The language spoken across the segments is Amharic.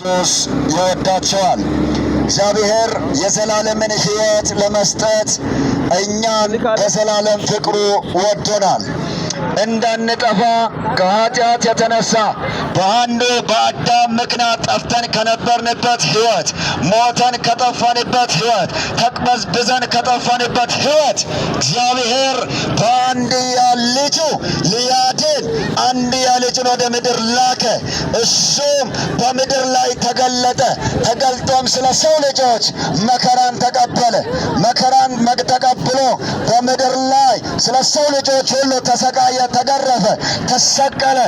ሱስ ይወዳቸዋል። እግዚአብሔር የዘላለምን ሕይወት ለመስጠት እኛን በዘላለም ፍቅሩ ወዶናል። እንዳንጠፋ ከኃጢአት የተነሳ በአንዱ በአዳም ምክንያት ጠፍተን ከነበርንበት ሕይወት ሞተን ከጠፋንበት ሕይወት ተቅበዝብዘን ከጠፋንበት ሕይወት እግዚአብሔር በአንድያ ልጁ ሊያድን አንድያ ልጁን ወደ ምድር ላከ። እሱም በምድር ላይ ተገለጠ። ተገልጦም ስለ ሰው ልጆች መከራን ተቀበለ። ስለ ሰው ልጆች ሁሉ ተሰቃየ፣ ተገረፈ፣ ተሰቀለ፣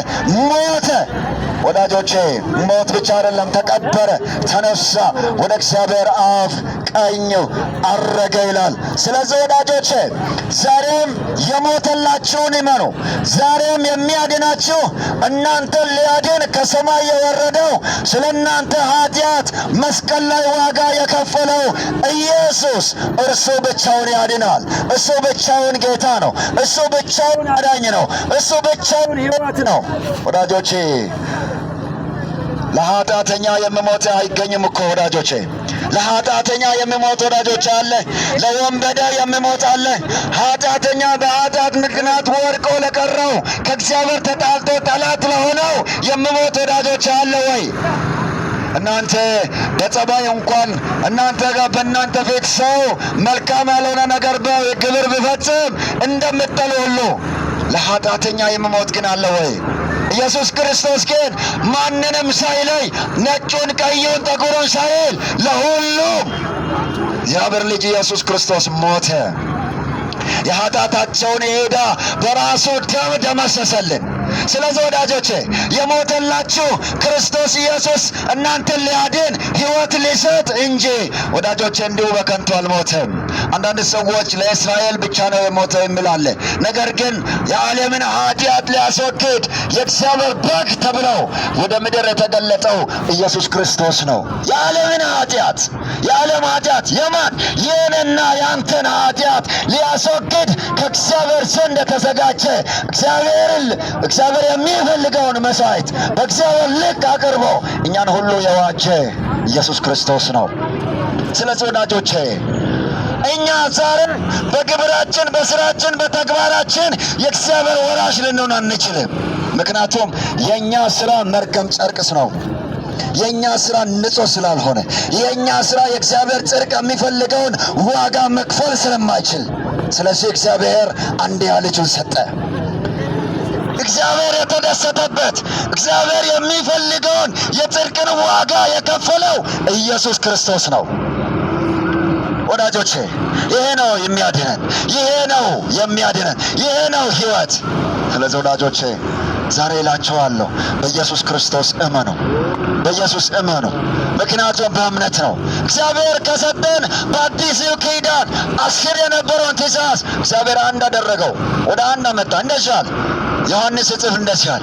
ሞተ። ወዳጆቼ ሞት ብቻ አይደለም፣ ተቀበረ፣ ተነሳ፣ ወደ እግዚአብሔር አፍ ቀኝ አረገ ይላል። ስለዚህ ወዳጆቼ ዛሬም የሞተላችሁን ይመኑ። ዛሬም የሚያድናችሁ እናንተን ሊያድን ከሰማይ የወረደው ስለ እናንተ ኃጢአት መስቀል ላይ ዋጋ የከፈለው ኢየሱስ እርሱ ብቻውን ያድናል። እሱ ብቻውን ጌታ ነው። ነው። እሱ ብቻውን አዳኝ ነው። እሱ ብቻውን ሕይወት ነው። ወዳጆቼ ለኃጢአተኛ የሚሞት አይገኝም እኮ ወዳጆቼ ለኃጢአተኛ የሚሞት ወዳጆች አለ። ለወንበዴ የሚሞት አለ። ኃጢአተኛ በኃጢአት ምክንያት ወድቆ ለቀረው ከእግዚአብሔር ተጣልቶ ጠላት ለሆነው የሚሞት ወዳጆች አለ ወይ? እናንተ በጸባይ እንኳን እናንተ ጋር በእናንተ ፊት ሰው መልካም ያልሆነ ነገር ግብር ቢፈጽም እንደምጠሉ ሁሉ ለኃጢአተኛ የምሞት ግን አለ ወይ? ኢየሱስ ክርስቶስ ግን ማንንም ሳይለይ ነጩን፣ ቀዩን፣ ጥቁሩን ሳይል ለሁሉም እግዚአብሔር ልጅ ኢየሱስ ክርስቶስ ሞተ። የኃጢአታቸውን ዕዳ በራሱ ደም ደመሰሰልን። ስለዚህ ወዳጆቼ የሞተላችሁ ክርስቶስ ኢየሱስ እናንተን ሊያድን ሕይወት ሊሰጥ እንጂ ወዳጆቼ እንዲሁ በከንቱ አልሞተም። አንዳንድ ሰዎች ለእስራኤል ብቻ ነው የሞተው የሚላለ ነገር ግን የዓለምን ኃጢአት ሊያስወግድ የእግዚአብሔር በግ ተብለው ወደ ምድር የተገለጠው ኢየሱስ ክርስቶስ ነው። የዓለምን ኃጢአት የዓለም ኃጢአት የማን ይህንና የአንተን ኃጢአት ሊያስወግድ ከእግዚአብሔር ዘንድ የተዘጋጀ እግዚአብሔርን እግዚአብሔር እግዚአብሔር የሚፈልገውን መሥዋዕት በእግዚአብሔር ልክ አቅርቦ እኛን ሁሉ የዋጀ ኢየሱስ ክርስቶስ ነው። ስለዚህ ወዳጆቼ እኛ ዛሬም በግብራችን፣ በስራችን፣ በተግባራችን የእግዚአብሔር ወራሽ ልንሆን አንችልም። ምክንያቱም የእኛ ስራ መርገም ጨርቅስ ነው። የእኛ ስራ ንጹህ ስላልሆነ የእኛ ስራ የእግዚአብሔር ጽድቅ የሚፈልገውን ዋጋ መክፈል ስለማይችል፣ ስለዚህ እግዚአብሔር አንድያ ልጁን ሰጠ። የተደሰተበት እግዚአብሔር የሚፈልገውን የጽድቅን ዋጋ የከፈለው ኢየሱስ ክርስቶስ ነው። ወዳጆቼ ይሄ ነው የሚያድነን፣ ይሄ ነው የሚያድነን፣ ይሄ ነው ህይወት። ስለዚህ ወዳጆቼ ዛሬ እላችኋለሁ በኢየሱስ ክርስቶስ እመኑ፣ በኢየሱስ እመኑ። ምክንያቱም በእምነት ነው እግዚአብሔር ከሰጠን በአዲስ ኪዳን አስር የነበረውን ትእዛዝ እግዚአብሔር አንድ አደረገው፣ ወደ አንድ አመጣ። እንደሻል ዮሐንስ እጽፍ እንደዚህ አለ፣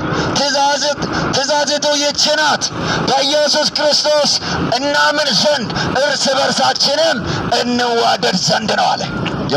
ትእዛዝቱ ይህች ናት በኢየሱስ ክርስቶስ እናምን ዘንድ እርስ በርሳችንም እንዋደድ ዘንድ ነው አለ።